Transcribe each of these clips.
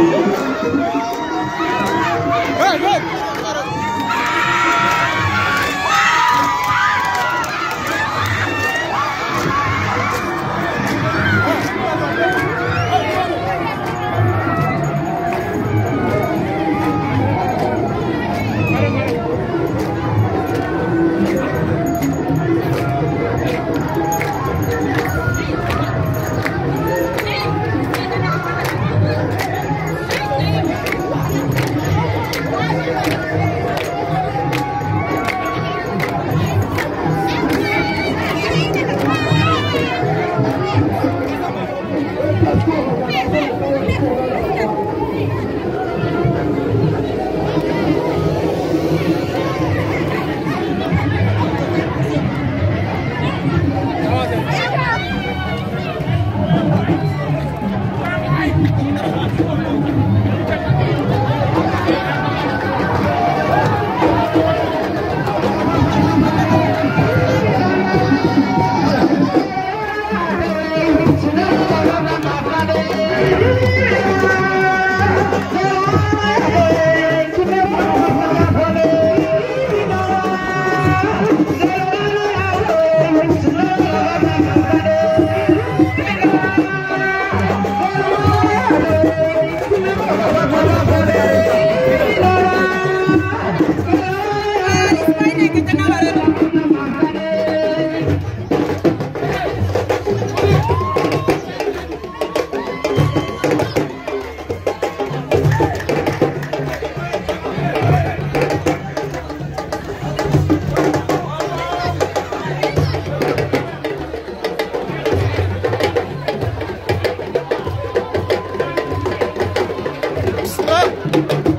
Hey, hey! Thank you.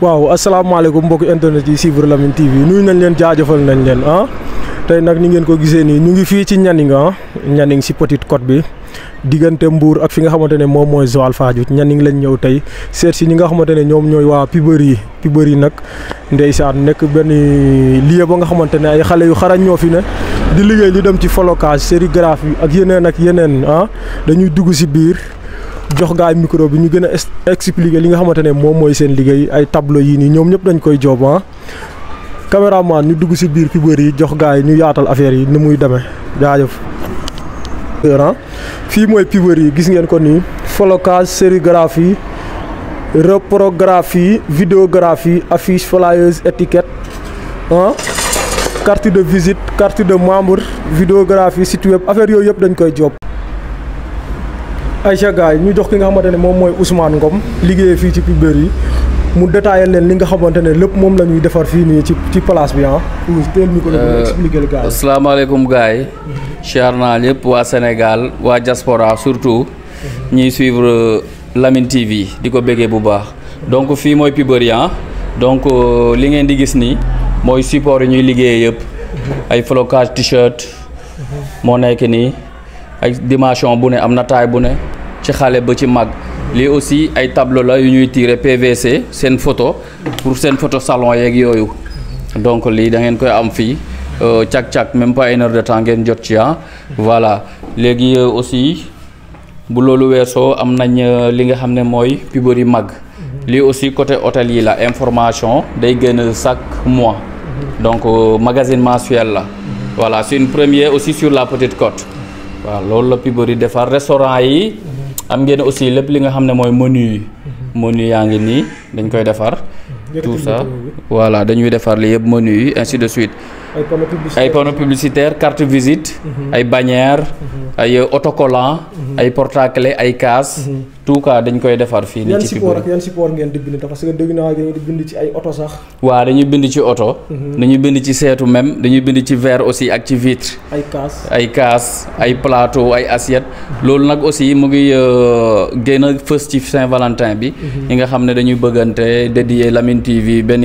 waaw asalaamaaleykum mbokk internet yi si lamine tv nuyu nañ leen jaajëfal nañ leen ah tey nak ni ngeen ko gisee nii ñu ngi fii ci ñanning ah ñanning si petite côte bi diggante mbuur ak fi nga xamante ne moom mooy zoal faaju ñanning lañ ñëw tey seet si ñi nga xamante ne ñoom ñooy waa pibër yi pibër yi nag ndeysaan nekk benn lie ba nga xamante ay xale yu xarañ ñoo fi ne di liggéey li dem ci folocage sérigraphe yi ak yeneen ak yeneen ah dañuy dugg si biir jox gaay micro bi ñu gën a expliquer li nga xamante ne moom mooy seen liggéey ay tableau yii nii ñoom ñëpp dañ koy joob ah caméraman ñu dugg si biir pibër yi jox gaay ñu yaatal affaire yi ni muy demee jaajëf. Ah. fii mooy pibër yi gis ngeen ko nii flocage sérigraphie reprographie vidéographie affiche flyers étiquette ah. carte de visite carte de membre vidéographie site web affaire yooyu yëpp dañ koy job Aïcha Gaye ñu jox ki nga xamante ne moom mooy Ousmane Ngom liggéeyee fii ci Pibéry yi mu détaillé leen li nga xamante ne lépp moom lañuy ñuy defar fii nii ci ci place bi ah. teel ñu ko doon euh, expliqué le naa ñëpp waa Sénégal waa jaspora surtout. ñuy suivre Lamine TV di ko béggee bu baax. donc fii mooy Pibéry ah. donc euh, li ngeen di gis nii mooy support yi ñuy liggéeyee yëpp. ay flocage t-shirt. moo nekk nii ay dimension bu ne am na taille bu ne. ci xale ba ci mag lii aussi ay tableau la yu ñuy PVC, c'est une photo pour seen photo salon yeeg yooyu donc les da ngeen koy am euh, chaque même pas une heure de temps ngeen jot ci ah voilà léegi euh, aussi boulot loolu weesoo am nañ euh, li nga xam mag lui aussi côté hôtel yi la information day génn sac mois donc magazine mensuel la voilà c'est une première aussi sur la Petite Côte voilà le la de defar restaurant yi am ngeen aussi lepp li nga xamne moy menu mhm. menu yaangi ni dañ koy defar tout mhm. ça voilà dañuy defar li yeb menu ainsi de suite ay panneaux publicitaires carte visite mhm. ay bannière ay autocollant ay porte-clés ay cases tout cas dañ koy defar fii nii ci support ak yan support ngeen di bind parce que ci ay oto sax. waa dañuy bind ci oto. Mhm. dañuy bind ci seetu même dañuy bind ci verre aussi ak ci vitre. ay kaas ay kaas ay plateau ay assiette loolu nag aussi mu ngi euh, gën a fës ci Saint-Valentin bi. Mhm. ñi nga xam ne dañuy bëggante dédié Lamine TV benn.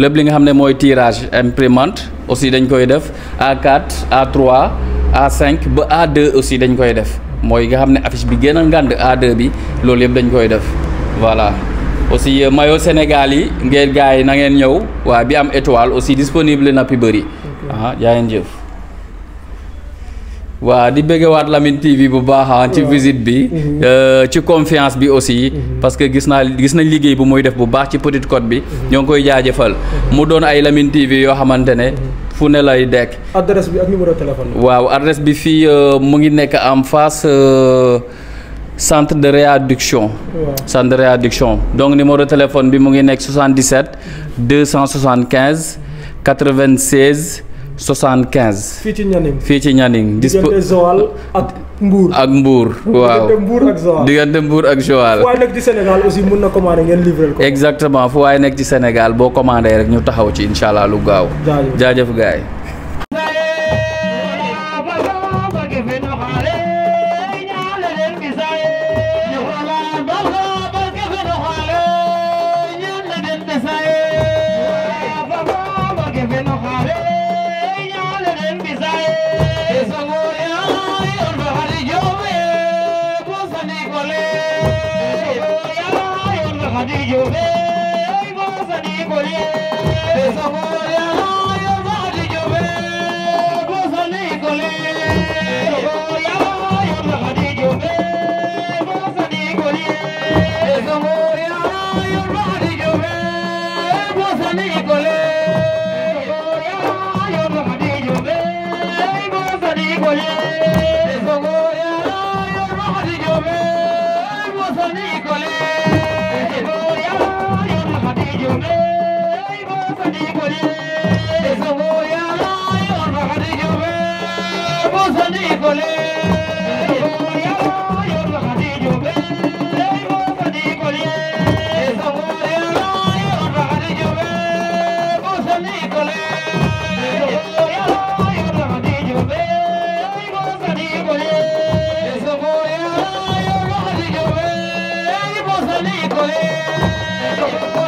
lépp li nga xam ne mooy tirage imprimante aussi dañ koy def A4 a trois a cinq ba A2 aussi dañ koy def mooy nga xam ne affiche bi gën a ngànd A2 bi loolu yëpp dañ koy def voilà aussi euh, mayo Sénégal yi ngeen gars yi na ngeen ñëw waa bi am étoile aussi disponible na bëri. ah yaa jëf. waaw di bëggewaat lamin TV bu baax ah, ci visite bi mhm. euh, ci confiance bi aussi mhm. parce que gis naa gis nañ liggéey bi muy def bu baax ci Petite Côte bi mhm. ñoo ngi koy jaajëfal mu doon ay Lamine TV yoo xamante ne fu ne lay dekk adresse bi ak numéro téléphone waaw adresse bi fii euh, mu ngi nekk en face euh, centre de réadduction centre de réadduction donc numéro téléphone bi mu ngi nekk 77 275 96 75. fii ci Nianing fii ci Nianing. dispo diggante Joal ak Mbour. ak Mbour waaw diggante Mbour ak Joal. diggante Mbour ak Joal. fu waay nekk ci Sénégal aussi mun na commander ngeen livré ko. exactement fu waaye nekk ci Sénégal boo commandé rek ñu taxaw ci incha allah lu gaaw. jaajëf jaajëf yi. Hadi yo, hey, vamos a Nicolás, goleiro.